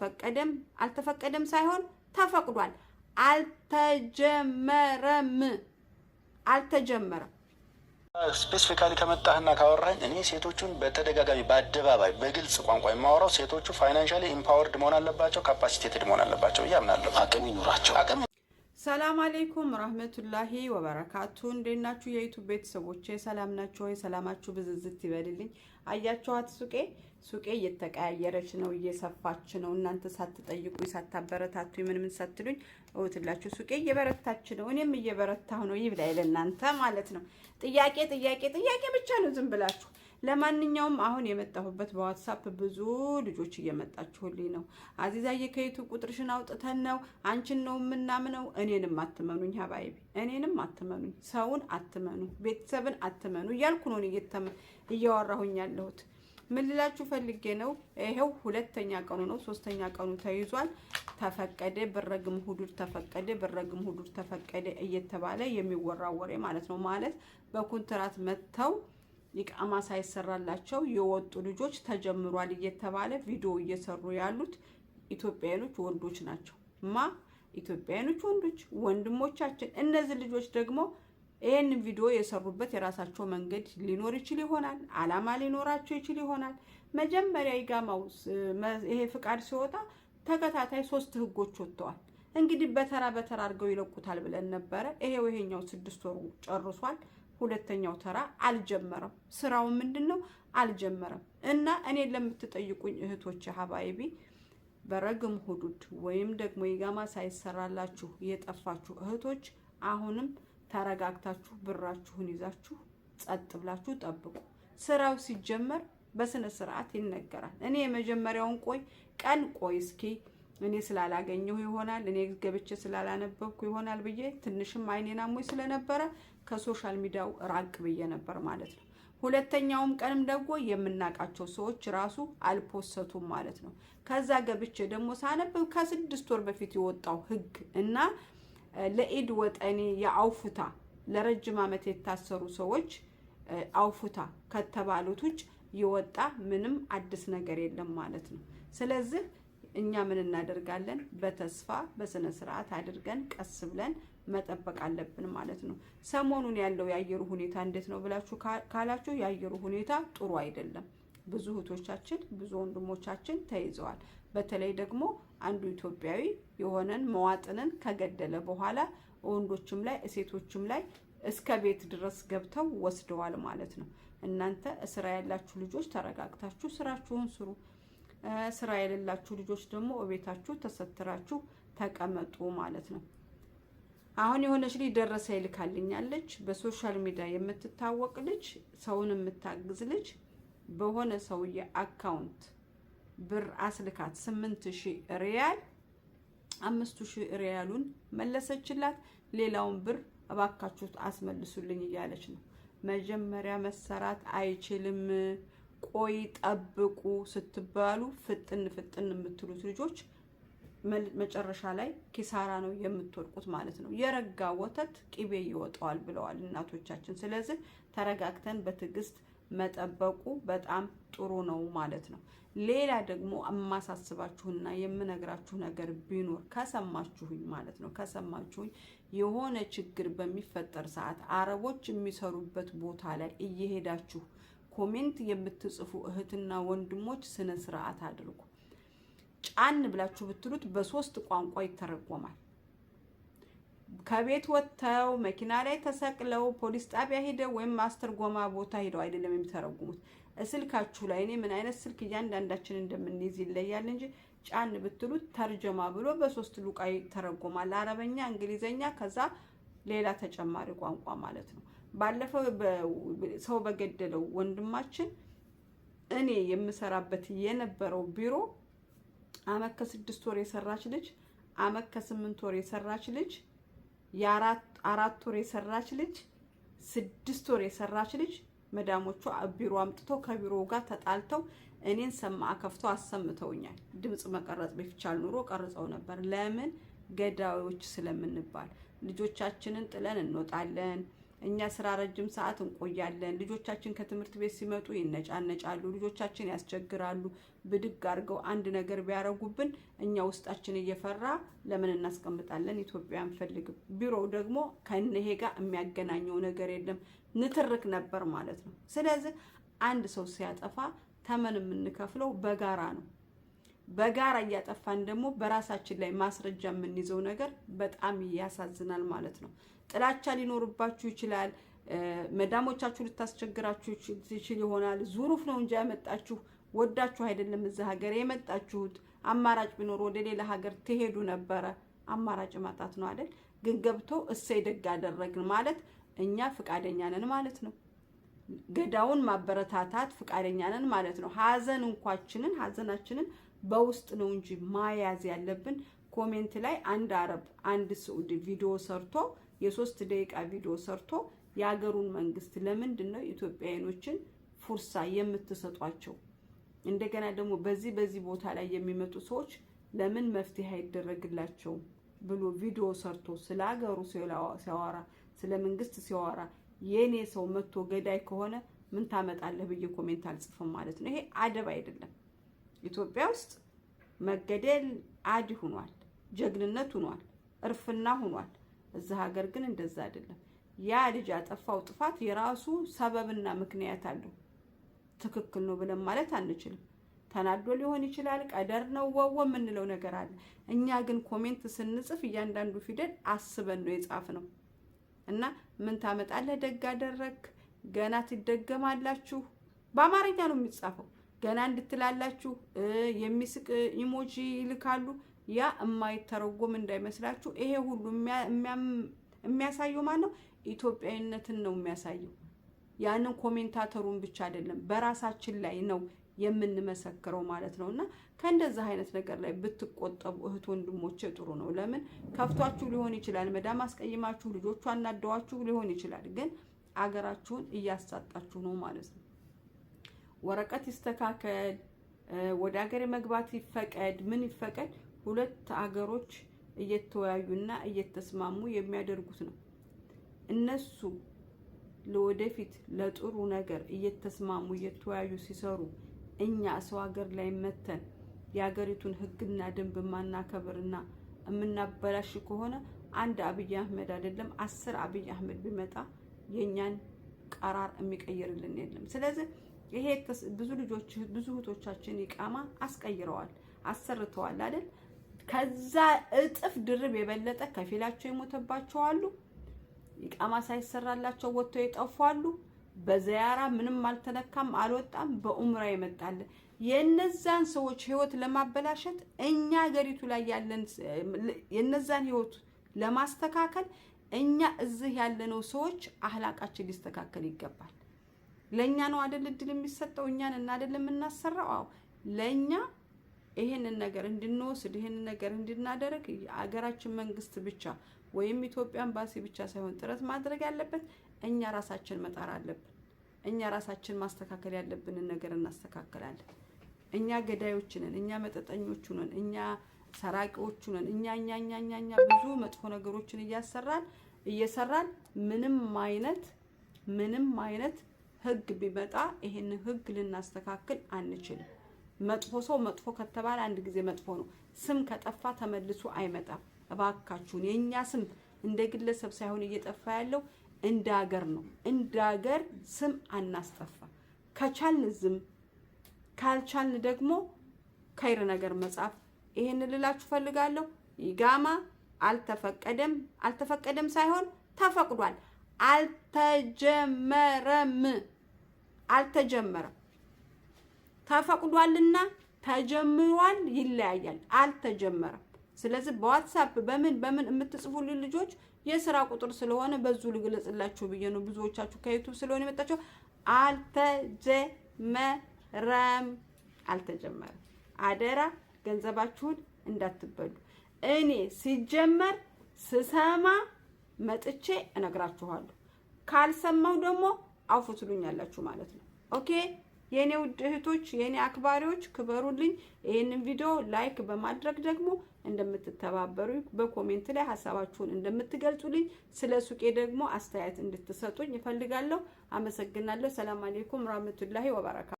ፈቀደም አልተፈቀደም ሳይሆን ተፈቅዷል። አልተጀመረም አልተጀመረም። ስፔሲፊካሊ ከመጣህና ካወራኝ እኔ ሴቶቹን በተደጋጋሚ በአደባባይ በግልጽ ቋንቋ የማወራው ሴቶቹ ፋይናንሻሊ ኢምፓወርድ መሆን አለባቸው፣ ካፓሲቴትድ መሆን አለባቸው እያምናለሁ። አቅም ይኑራቸው፣ አቅም ሰላም አሌይኩም ረህመቱላሂ ወበረካቱ። እንዴት ናችሁ የዩቱብ ቤተሰቦቼ? ሰላም ናችሁ ወይ? ሰላማችሁ ብዝዝት ይበልልኝ። አያችኋት ሱቄ ሱቄ እየተቀያየረች ነው፣ እየሰፋች ነው። እናንተ ሳትጠይቁ ሳታበረታቱ ምን ምን ሳትሉኝ እውትላችሁ ሱቄ እየበረታች ነው፣ እኔም እየበረታሁ ነው። ይብላኝ ለእናንተ ማለት ነው። ጥያቄ ጥያቄ ጥያቄ ብቻ ነው ዝም ብላችሁ ለማንኛውም አሁን የመጣሁበት በዋትሳፕ ብዙ ልጆች እየመጣችሁልኝ ነው። አዚዛዬ ከየቱ ቁጥርሽን አውጥተን ነው አንቺን ነው የምናምነው። እኔንም አትመኑኝ ሀባይቢ፣ እኔንም አትመኑኝ፣ ሰውን አትመኑ፣ ቤተሰብን አትመኑ እያልኩ ነው እያወራሁኝ ያለሁት። ምን ልላችሁ ፈልጌ ነው? ይሄው ሁለተኛ ቀኑ ነው። ሶስተኛ ቀኑ ተይዟል። ተፈቀደ ብረግም ሁዱድ ተፈቀደ ብረግም ሁዱድ ተፈቀደ እየተባለ የሚወራ ወሬ ማለት ነው። ማለት በኮንትራት መጥተው ኢቃማ ሳይሰራላቸው የወጡ ልጆች ተጀምሯል እየተባለ ቪዲዮ እየሰሩ ያሉት ኢትዮጵያውያኖች ወንዶች ናቸው። ማ ኢትዮጵያኖች ወንዶች ወንድሞቻችን። እነዚህ ልጆች ደግሞ ይህን ቪዲዮ የሰሩበት የራሳቸው መንገድ ሊኖር ይችል ይሆናል። አላማ ሊኖራቸው ይችል ይሆናል። መጀመሪያ ይጋማው ይሄ ፍቃድ ሲወጣ ተከታታይ ሶስት ህጎች ወጥተዋል። እንግዲህ በተራ በተራ አድርገው ይለቁታል ብለን ነበረ። ይሄው ይሄኛው ስድስት ወሩ ጨርሷል። ሁለተኛው ተራ አልጀመረም። ስራው ምንድን ነው? አልጀመረም። እና እኔ ለምትጠይቁኝ እህቶች ሀባይቢ በረግም ሁዱድ ወይም ደግሞ የጋማ ሳይሰራላችሁ የጠፋችሁ እህቶች አሁንም ተረጋግታችሁ ብራችሁን ይዛችሁ ጸጥ ብላችሁ ጠብቁ። ስራው ሲጀመር በስነ ስርዓት ይነገራል። እኔ የመጀመሪያውን ቆይ ቀን ቆይ እስኪ እኔ ስላላገኘሁ ይሆናል እኔ ገብቼ ስላላነበብኩ ይሆናል ብዬ ትንሽም አይኔና ሞይ ስለነበረ ከሶሻል ሚዲያው ራቅ ብዬ ነበር ማለት ነው። ሁለተኛውም ቀንም ደግሞ የምናውቃቸው ሰዎች ራሱ አልፖሰቱም ማለት ነው። ከዛ ገብቼ ደግሞ ሳነብብ ከስድስት ወር በፊት የወጣው ህግ እና ለኢድ ወጠኔ የአውፍታ ለረጅም ዓመት የታሰሩ ሰዎች አውፉታ ከተባሉት ውጭ የወጣ ምንም አዲስ ነገር የለም ማለት ነው። ስለዚህ እኛ ምን እናደርጋለን? በተስፋ በስነ ስርዓት አድርገን ቀስ ብለን መጠበቅ አለብን ማለት ነው። ሰሞኑን ያለው የአየሩ ሁኔታ እንዴት ነው ብላችሁ ካላችሁ የአየሩ ሁኔታ ጥሩ አይደለም። ብዙ እህቶቻችን ብዙ ወንድሞቻችን ተይዘዋል። በተለይ ደግሞ አንዱ ኢትዮጵያዊ የሆነን መዋጥንን ከገደለ በኋላ ወንዶችም ላይ ሴቶችም ላይ እስከ ቤት ድረስ ገብተው ወስደዋል ማለት ነው። እናንተ ስራ ያላችሁ ልጆች ተረጋግታችሁ ስራችሁን ስሩ። ስራ የሌላችሁ ልጆች ደግሞ እቤታችሁ ተሰትራችሁ ተቀመጡ ማለት ነው። አሁን የሆነች ልጅ ደረሰ ይልካልኛለች። በሶሻል ሚዲያ የምትታወቅ ልጅ፣ ሰውን የምታግዝ ልጅ በሆነ ሰውዬ አካውንት ብር አስልካት ስምንት ሺህ ሪያል አምስቱ ሺህ ሪያሉን መለሰችላት። ሌላውን ብር እባካችሁት አስመልሱልኝ እያለች ነው። መጀመሪያ መሰራት አይችልም ቆይ ጠብቁ ስትባሉ ፍጥን ፍጥን የምትሉት ልጆች መጨረሻ ላይ ኪሳራ ነው የምትወድቁት ማለት ነው። የረጋ ወተት ቅቤ ይወጣዋል ብለዋል እናቶቻችን። ስለዚህ ተረጋግተን በትዕግስት መጠበቁ በጣም ጥሩ ነው ማለት ነው። ሌላ ደግሞ የማሳስባችሁና የምነግራችሁ ነገር ቢኖር ከሰማችሁኝ ማለት ነው ከሰማችሁኝ የሆነ ችግር በሚፈጠር ሰዓት አረቦች የሚሰሩበት ቦታ ላይ እየሄዳችሁ ኮሜንት የምትጽፉ እህትና ወንድሞች ስነ ስርዓት አድርጉ። ጫን ብላችሁ ብትሉት በሶስት ቋንቋ ይተረጎማል። ከቤት ወጥተው መኪና ላይ ተሰቅለው ፖሊስ ጣቢያ ሄደው ወይም ማስተርጎማ ቦታ ሄደው አይደለም የሚተረጉሙት። ስልካችሁ ላይ እኔ ምን አይነት ስልክ እያንዳንዳችን እንደምንይዝ ይለያል እንጂ ጫን ብትሉት ተርጀማ ብሎ በሶስት ሉቃ ይተረጎማል። አረበኛ፣ እንግሊዘኛ ከዛ ሌላ ተጨማሪ ቋንቋ ማለት ነው። ባለፈው ሰው በገደለው ወንድማችን እኔ የምሰራበት የነበረው ቢሮ አመት ከስድስት ወር የሰራች ልጅ፣ አመት ከስምንት ወር የሰራች ልጅ፣ አራት ወር የሰራች ልጅ፣ ስድስት ወር የሰራች ልጅ መዳሞቹ ቢሮ አምጥተው ከቢሮ ጋር ተጣልተው እኔን ሰማ ከፍተው አሰምተውኛል። ድምፅ መቀረጽ ቢቻል ኑሮ ቀርጸው ነበር። ለምን ገዳዮች ስለምንባል ልጆቻችንን ጥለን እንወጣለን። እኛ ስራ ረጅም ሰዓት እንቆያለን። ልጆቻችን ከትምህርት ቤት ሲመጡ ይነጫነጫሉ። ልጆቻችን ያስቸግራሉ። ብድግ አድርገው አንድ ነገር ቢያረጉብን እኛ ውስጣችን እየፈራ ለምን እናስቀምጣለን? ኢትዮጵያ አንፈልግም። ቢሮው ደግሞ ከነሄ ጋር የሚያገናኘው ነገር የለም። ንትርክ ነበር ማለት ነው። ስለዚህ አንድ ሰው ሲያጠፋ ተመን የምንከፍለው በጋራ ነው። በጋራ እያጠፋን ደግሞ በራሳችን ላይ ማስረጃ የምንይዘው ነገር በጣም ያሳዝናል ማለት ነው። ጥላቻ ሊኖርባችሁ ይችላል። መዳሞቻችሁ ልታስቸግራችሁ ትችል ይሆናል። ዙሩፍ ነው እንጂ ያመጣችሁ ወዳችሁ አይደለም። እዛ ሀገር የመጣችሁት አማራጭ ቢኖር ወደ ሌላ ሀገር ትሄዱ ነበረ። አማራጭ ማጣት ነው አይደል? ግን ገብቶ እሰይ ደግ አደረግን ማለት እኛ ፍቃደኛ ነን ማለት ነው። ገዳውን ማበረታታት ፍቃደኛ ነን ማለት ነው። ሀዘን እንኳችንን ሀዘናችንን በውስጥ ነው እንጂ ማያዝ ያለብን። ኮሜንት ላይ አንድ አረብ አንድ ስዑድ ቪዲዮ ሰርቶ የሶስት ደቂቃ ቪዲዮ ሰርቶ የሀገሩን መንግስት ለምንድን ነው ኢትዮጵያውያኖችን ፉርሳ የምትሰጧቸው? እንደገና ደግሞ በዚህ በዚህ ቦታ ላይ የሚመጡ ሰዎች ለምን መፍትሄ አይደረግላቸውም ብሎ ቪዲዮ ሰርቶ ስለ ሀገሩ ሲያወራ ስለ መንግስት ሲያወራ የእኔ ሰው መጥቶ ገዳይ ከሆነ ምን ታመጣለህ ብዬ ኮሜንት አልጽፍም ማለት ነው። ይሄ አደብ አይደለም። ኢትዮጵያ ውስጥ መገደል አድ ሁኗል፣ ጀግንነት ሁኗል፣ እርፍና ሁኗል። እዛ ሀገር ግን እንደዛ አይደለም። ያ ልጅ ያጠፋው ጥፋት የራሱ ሰበብና ምክንያት አለው። ትክክል ነው ብለን ማለት አንችልም። ተናዶ ሊሆን ይችላል። ቀደር ነው ወወ የምንለው ነገር አለ። እኛ ግን ኮሜንት ስንጽፍ እያንዳንዱ ፊደል አስበን ነው የጻፍ ነው እና ምን ታመጣለህ ደግ አደረግ ገና ትደገማላችሁ። በአማርኛ ነው የሚጻፈው። ገና እንድትላላችሁ የሚስቅ ኢሞጂ ይልካሉ። ያ የማይተረጎም እንዳይመስላችሁ። ይሄ ሁሉ የሚያሳየው ማን ነው? ኢትዮጵያዊነትን ነው የሚያሳየው። ያንን ኮሜንታተሩን ብቻ አይደለም፣ በራሳችን ላይ ነው የምንመሰክረው ማለት ነው። እና ከእንደዚህ አይነት ነገር ላይ ብትቆጠቡ እህት ወንድሞቼ ጥሩ ነው። ለምን ከፍቷችሁ ሊሆን ይችላል፣ መዳም አስቀይማችሁ፣ ልጆቿ አናደዋችሁ ሊሆን ይችላል። ግን አገራችሁን እያሳጣችሁ ነው ማለት ነው። ወረቀት ይስተካከል፣ ወደ ሀገር መግባት ይፈቀድ፣ ምን ይፈቀድ፣ ሁለት አገሮች እየተወያዩና እየተስማሙ የሚያደርጉት ነው። እነሱ ለወደፊት ለጥሩ ነገር እየተስማሙ እየተወያዩ ሲሰሩ እኛ ሰው ሀገር ላይ መተን የሀገሪቱን ሕግና ደንብ ማናከብርና የምናበላሽ ከሆነ አንድ አብይ አህመድ አይደለም አስር አብይ አህመድ ቢመጣ የእኛን ቀራር የሚቀይርልን የለም። ስለዚህ ይሄ ብዙ ልጆች ብዙ እህቶቻችን ይቃማ አስቀይረዋል፣ አሰርተዋል አይደል? ከዛ እጥፍ ድርብ የበለጠ ከፊላቸው የሞተባቸው አሉ። ይቃማ ሳይሰራላቸው ወጥተው አሉ በዘያራ ምንም አልተለካም፣ አልወጣም። በኡምራ ይመጣል። የነዛን ሰዎች ህይወት ለማበላሸት እኛ ሀገሪቱ ላይ ያለን የነዛን ህይወት ለማስተካከል እኛ እዚህ ያለነው ሰዎች አህላቃችን ሊስተካከል ይገባል። ለእኛ ነው አደል እድል የሚሰጠው? እኛን እና አደል የምናሰራው? አዎ ለእኛ ይሄንን ነገር እንድንወስድ ይሄንን ነገር እንድናደርግ የአገራችን መንግስት ብቻ ወይም ኢትዮጵያ ኤምባሲ ብቻ ሳይሆን ጥረት ማድረግ ያለበት እኛ ራሳችን መጣር አለብን። እኛ ራሳችን ማስተካከል ያለብንን ነገር እናስተካከላለን። እኛ ገዳዮች ነን፣ እኛ መጠጠኞቹ ነን፣ እኛ ሰራቂዎቹ ነን። እኛ እኛ እኛ እኛ እኛ ብዙ መጥፎ ነገሮችን እያሰራን እየሰራን ምንም አይነት ምንም አይነት ህግ ቢመጣ ይሄንን ህግ ልናስተካክል አንችልም። መጥፎ ሰው መጥፎ ከተባለ አንድ ጊዜ መጥፎ ነው። ስም ከጠፋ ተመልሶ አይመጣም። እባካችሁን የእኛ ስም እንደ ግለሰብ ሳይሆን እየጠፋ ያለው እንደ ሀገር ነው። እንደ ሀገር ስም አናስጠፋ። ከቻልን ዝም ካልቻልን ደግሞ ከይር ነገር መጻፍ። ይሄን ልላችሁ ፈልጋለሁ። ይጋማ አልተፈቀደም አልተፈቀደም ሳይሆን ተፈቅዷል፣ አልተጀመረም። አልተጀመረም። ተፈቅዷልና ተጀምሯል ይለያያል፣ አልተጀመረም። ስለዚህ በዋትሳፕ በምን በምን የምትጽፉልን ልጆች የስራ ቁጥር ስለሆነ በዙ ልግለጽላችሁ ብዬ ነው። ብዙዎቻችሁ ከዩቱብ ስለሆነ የመጣቸው አልተጀመረም፣ አልተጀመረም። አደራ ገንዘባችሁን እንዳትበሉ። እኔ ሲጀመር ስሰማ መጥቼ እነግራችኋለሁ። ካልሰማው ደግሞ አፉ ትሉኛላችሁ ማለት ነው። ኦኬ የእኔ ውድ እህቶች፣ የእኔ አክባሪዎች ክበሩልኝ። ይህንን ቪዲዮ ላይክ በማድረግ ደግሞ እንደምትተባበሩ በኮሜንት ላይ ሀሳባችሁን እንደምትገልጹልኝ ስለ ሱቄ ደግሞ አስተያየት እንድትሰጡኝ ይፈልጋለሁ። አመሰግናለሁ። ሰላም አሌይኩም ራህመቱላሂ ወበረካቱ